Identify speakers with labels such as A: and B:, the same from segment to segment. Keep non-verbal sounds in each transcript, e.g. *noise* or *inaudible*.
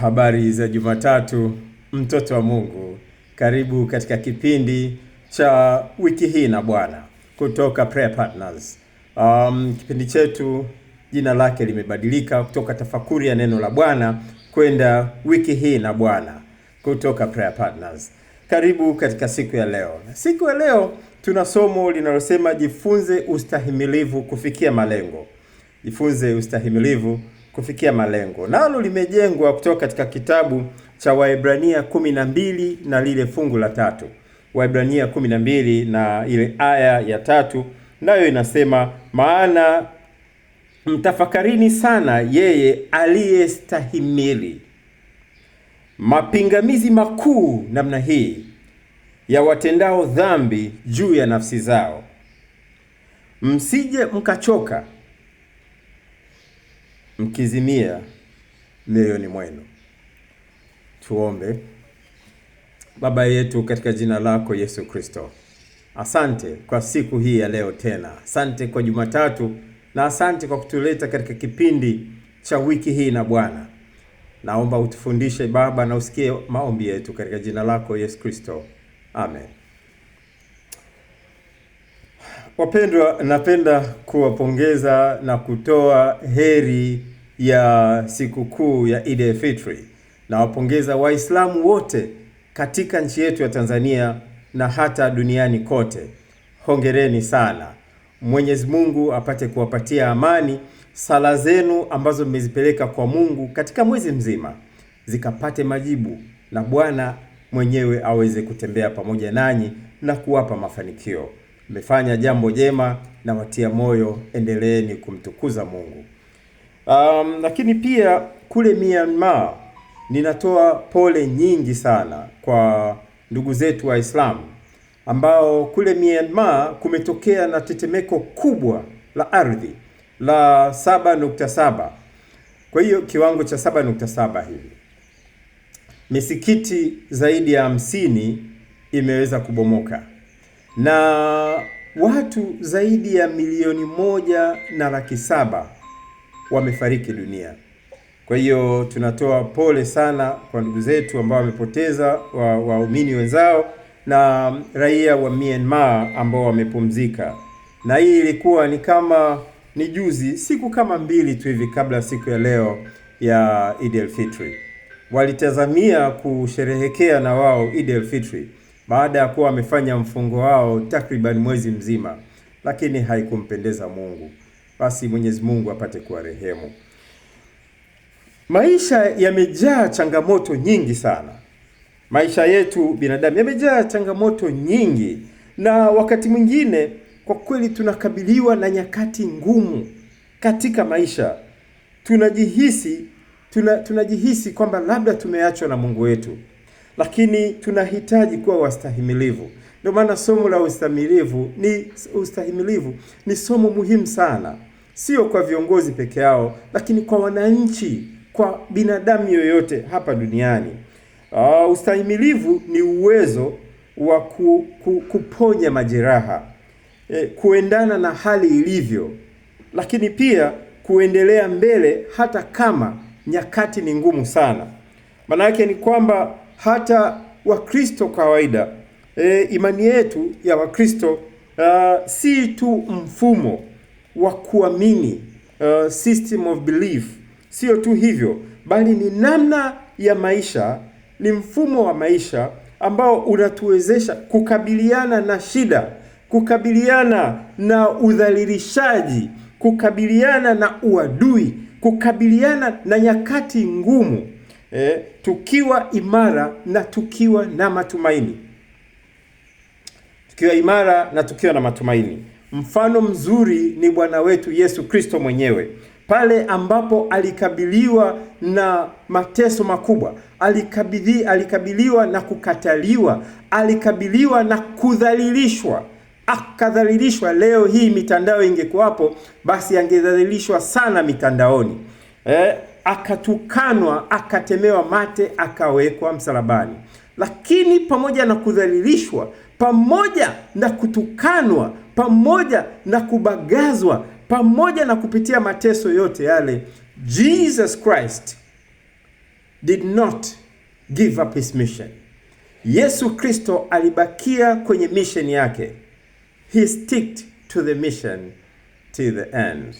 A: Habari za Jumatatu, mtoto wa Mungu, karibu katika kipindi cha wiki hii na Bwana kutoka Prayer Partners. Um, kipindi chetu jina lake limebadilika kutoka tafakuri ya neno la Bwana kwenda wiki hii na Bwana kutoka Prayer Partners. Karibu katika siku ya leo. Siku ya leo tuna somo linalosema jifunze ustahimilivu kufikia malengo. Jifunze ustahimilivu kufikia malengo, nalo limejengwa kutoka katika kitabu cha Waebrania kumi na mbili na lile fungu la tatu. Waebrania kumi na mbili na ile aya ya tatu nayo inasema, maana mtafakarini sana yeye aliyestahimili mapingamizi makuu namna hii ya watendao dhambi juu ya nafsi zao, msije mkachoka mkizimia mioyoni mwenu. Tuombe. Baba yetu, katika jina lako Yesu Kristo, asante kwa siku hii ya leo tena, asante kwa Jumatatu na asante kwa kutuleta katika kipindi cha wiki hii. Na Bwana, naomba utufundishe Baba na usikie maombi yetu katika jina lako Yesu Kristo, amen. Wapendwa, napenda kuwapongeza na kutoa heri ya sikukuu ya Eid al-Fitr. Nawapongeza Waislamu wote katika nchi yetu ya Tanzania na hata duniani kote. Hongereni sana. Mwenyezi Mungu apate kuwapatia amani sala zenu ambazo mmezipeleka kwa Mungu katika mwezi mzima zikapate majibu na Bwana mwenyewe aweze kutembea pamoja nanyi na kuwapa mafanikio. Mmefanya jambo jema na watia moyo, endeleeni kumtukuza Mungu. Um, lakini pia kule Myanmar ninatoa pole nyingi sana kwa ndugu zetu Waislamu ambao kule Myanmar kumetokea na tetemeko kubwa la ardhi la 7.7 kwa hiyo kiwango cha 7.7 hivi misikiti zaidi ya hamsini imeweza kubomoka na watu zaidi ya milioni moja na laki saba wamefariki dunia. Kwa hiyo tunatoa pole sana kwa ndugu zetu ambao wamepoteza waumini wa wenzao na raia wa Myanmar ambao wamepumzika. Na hii ilikuwa ni kama ni juzi, siku kama mbili tu hivi kabla siku ya leo ya Eid al-Fitr, walitazamia kusherehekea na wao Eid al-Fitr baada ya kuwa wamefanya mfungo wao takriban mwezi mzima, lakini haikumpendeza Mungu. Basi Mwenyezi Mungu apate rehemu Maisha yamejaa changamoto nyingi sana. Maisha yetu binadamu yamejaa changamoto nyingi, na wakati mwingine kwa kweli tunakabiliwa na nyakati ngumu katika maisha. Tunajihisi tuna, tunajihisi kwamba labda tumeachwa na Mungu wetu, lakini tunahitaji kuwa wastahimilivu. Ndio maana somo la ustahimilivu ni ustahimilivu ni somo muhimu sana sio kwa viongozi peke yao, lakini kwa wananchi, kwa binadamu yoyote hapa duniani. Uh, ustahimilivu ni uwezo wa ku, ku, kuponya majeraha eh, kuendana na hali ilivyo, lakini pia kuendelea mbele hata kama nyakati ni ngumu sana. Maana yake ni kwamba hata Wakristo kawaida eh, imani yetu ya Wakristo uh, si tu mfumo wa kuamini, uh, system of belief. Sio tu hivyo, bali ni namna ya maisha, ni mfumo wa maisha ambao unatuwezesha kukabiliana na shida, kukabiliana na udhalilishaji, kukabiliana na uadui, kukabiliana na nyakati ngumu eh, tukiwa imara na tukiwa na matumaini, tukiwa imara na tukiwa na matumaini. Mfano mzuri ni Bwana wetu Yesu Kristo mwenyewe pale ambapo alikabiliwa na mateso makubwa, alikabidhi, alikabiliwa na kukataliwa, alikabiliwa na kudhalilishwa, akadhalilishwa. Leo hii mitandao ingekuwapo, basi angedhalilishwa sana mitandaoni eh, akatukanwa, akatemewa mate, akawekwa msalabani. Lakini pamoja na kudhalilishwa, pamoja na kutukanwa pamoja na kubagazwa, pamoja na kupitia mateso yote yale, Jesus Christ did not give up his mission. Yesu Kristo alibakia kwenye mission yake. He sticked to the mission till the end.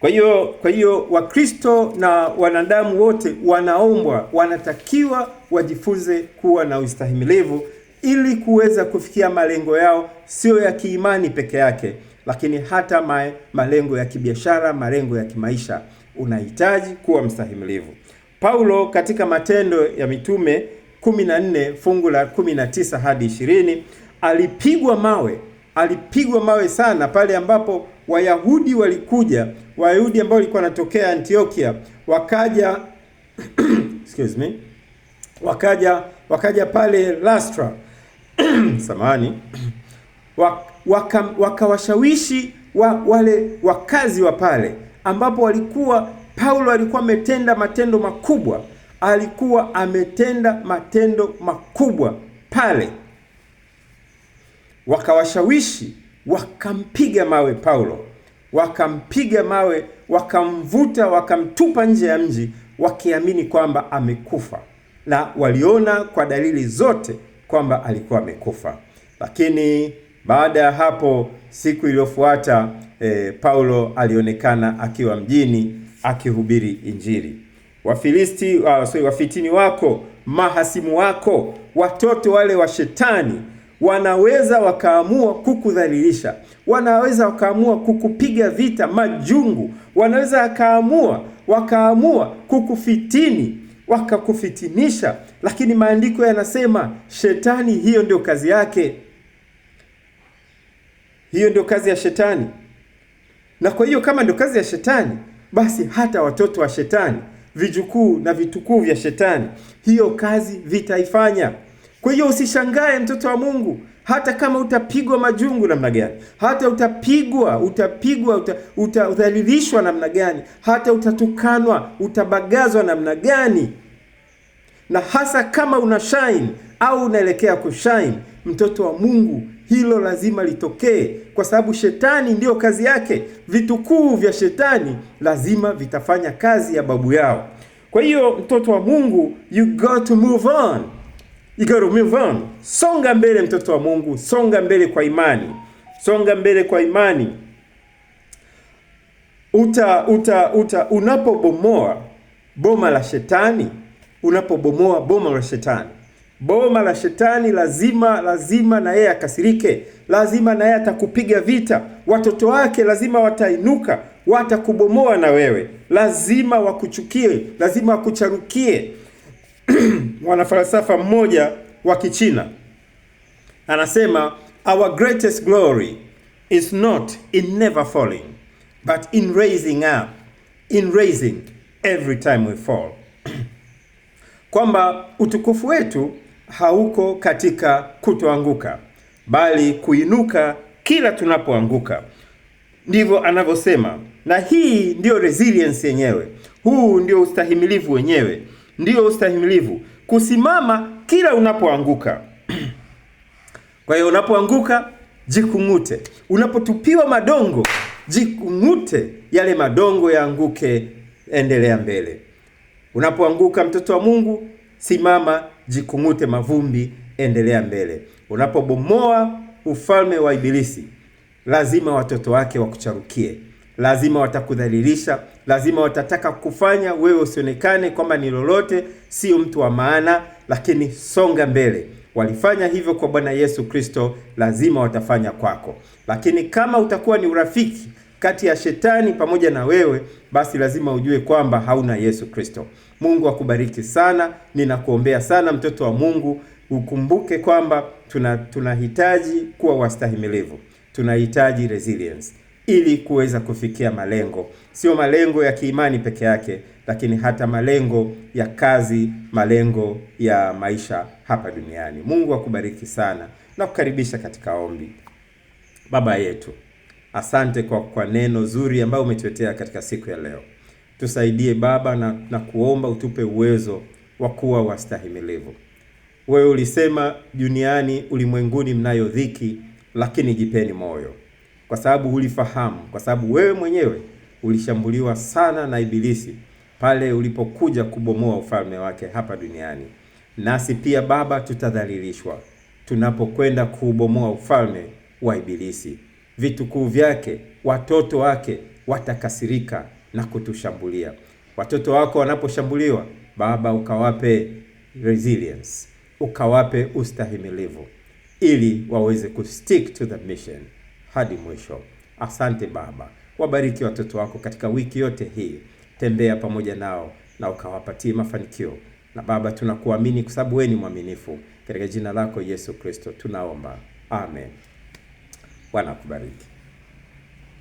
A: Kwa hiyo kwa hiyo Wakristo na wanadamu wote wanaombwa, wanatakiwa wajifunze kuwa na ustahimilivu ili kuweza kufikia malengo yao, sio ya kiimani peke yake, lakini hata mae, malengo ya kibiashara, malengo ya kimaisha. Unahitaji kuwa mstahimilivu. Paulo katika Matendo ya Mitume 14 fungu la 19 hadi 20 alipigwa mawe, alipigwa mawe sana pale ambapo Wayahudi walikuja, Wayahudi ambao walikuwa wanatokea Antiokia, wakaja *clears throat* excuse me, wakaja wakaja pale Lastra *clears throat* samani wakawashawishi waka wa, wale wakazi wa pale ambapo walikuwa Paulo alikuwa ametenda matendo makubwa, alikuwa ametenda matendo makubwa pale. Wakawashawishi wakampiga mawe Paulo, wakampiga mawe, wakamvuta, wakamtupa nje ya mji, wakiamini kwamba amekufa, na waliona kwa dalili zote kwamba alikuwa amekufa. Lakini baada ya hapo, siku iliyofuata e, Paulo alionekana akiwa mjini akihubiri Injili. Wafilisti wa, ah, sorry, wafitini wako, mahasimu wako, watoto wale wa Shetani wanaweza wakaamua kukudhalilisha, wanaweza wakaamua kukupiga vita majungu, wanaweza wakaamua wakaamua kukufitini wakakufitinisha, lakini maandiko yanasema shetani, hiyo ndio kazi yake, hiyo ndio kazi ya shetani. Na kwa hiyo kama ndio kazi ya shetani, basi hata watoto wa shetani, vijukuu na vitukuu vya shetani, hiyo kazi vitaifanya. Kwa hiyo usishangae mtoto wa Mungu hata kama utapigwa majungu namna gani, hata utapigwa utapigwa uta, utadhalilishwa namna gani, hata utatukanwa utabagazwa namna gani, na hasa kama una shine au unaelekea kushine, mtoto wa Mungu, hilo lazima litokee, kwa sababu shetani ndiyo kazi yake. Vitukuu vya shetani lazima vitafanya kazi ya babu yao. Kwa hiyo mtoto wa Mungu, you got to move on you move on. Songa mbele mtoto wa Mungu, songa mbele kwa imani, songa mbele kwa imani. Uta uta uta unapobomoa boma la shetani, unapobomoa boma la shetani, boma la shetani, lazima lazima na yeye akasirike, lazima na yeye atakupiga vita. Watoto wake lazima watainuka, watakubomoa na wewe, lazima wakuchukie, lazima wakucharukie *clears throat* mwanafalsafa mmoja wa Kichina anasema, our greatest glory is not in never falling but in raising up, in raising every time we fall *clears throat* kwamba utukufu wetu hauko katika kutoanguka bali kuinuka kila tunapoanguka. Ndivyo anavyosema, na hii ndiyo resilience yenyewe, huu ndio ustahimilivu wenyewe, ndio ustahimilivu kusimama kila unapoanguka. *clears throat* Kwa hiyo unapoanguka jikung'ute, unapotupiwa madongo jikung'ute, yale madongo yaanguke, endelea mbele. Unapoanguka mtoto wa Mungu, simama, jikung'ute mavumbi, endelea mbele. Unapobomoa ufalme wa Ibilisi, lazima watoto wake wakucharukie, lazima watakudhalilisha, lazima watataka kufanya wewe usionekane kwamba ni lolote, sio mtu wa maana, lakini songa mbele. Walifanya hivyo kwa Bwana Yesu Kristo, lazima watafanya kwako. Lakini kama utakuwa ni urafiki kati ya shetani pamoja na wewe, basi lazima ujue kwamba hauna Yesu Kristo. Mungu akubariki sana, ninakuombea sana mtoto wa Mungu. Ukumbuke kwamba tuna tunahitaji kuwa wastahimilivu, tunahitaji resilience ili kuweza kufikia malengo, sio malengo ya kiimani peke yake, lakini hata malengo ya kazi, malengo ya maisha hapa duniani. Mungu akubariki sana na kukaribisha katika ombi. Baba yetu, asante kwa, kwa neno zuri ambayo umetuletea katika siku ya leo. Tusaidie Baba na, na kuomba utupe uwezo wa kuwa wastahimilivu. Wewe ulisema duniani, ulimwenguni mnayo dhiki, lakini jipeni moyo kwa sababu hulifahamu, kwa sababu wewe mwenyewe ulishambuliwa sana na Ibilisi pale ulipokuja kubomoa ufalme wake hapa duniani. Nasi pia Baba, tutadhalilishwa tunapokwenda kuubomoa ufalme wa Ibilisi. Vitukuu vyake, watoto wake watakasirika na kutushambulia. Watoto wako wanaposhambuliwa, Baba, ukawape resilience, ukawape ustahimilivu ili waweze kustick to the mission hadi mwisho. Asante Baba, wabariki watoto wako katika wiki yote hii, tembea pamoja nao na ukawapatie mafanikio. Na Baba, tunakuamini kwa sababu wewe ni mwaminifu. Katika jina lako Yesu Kristo tunaomba, amen. Bwana akubariki.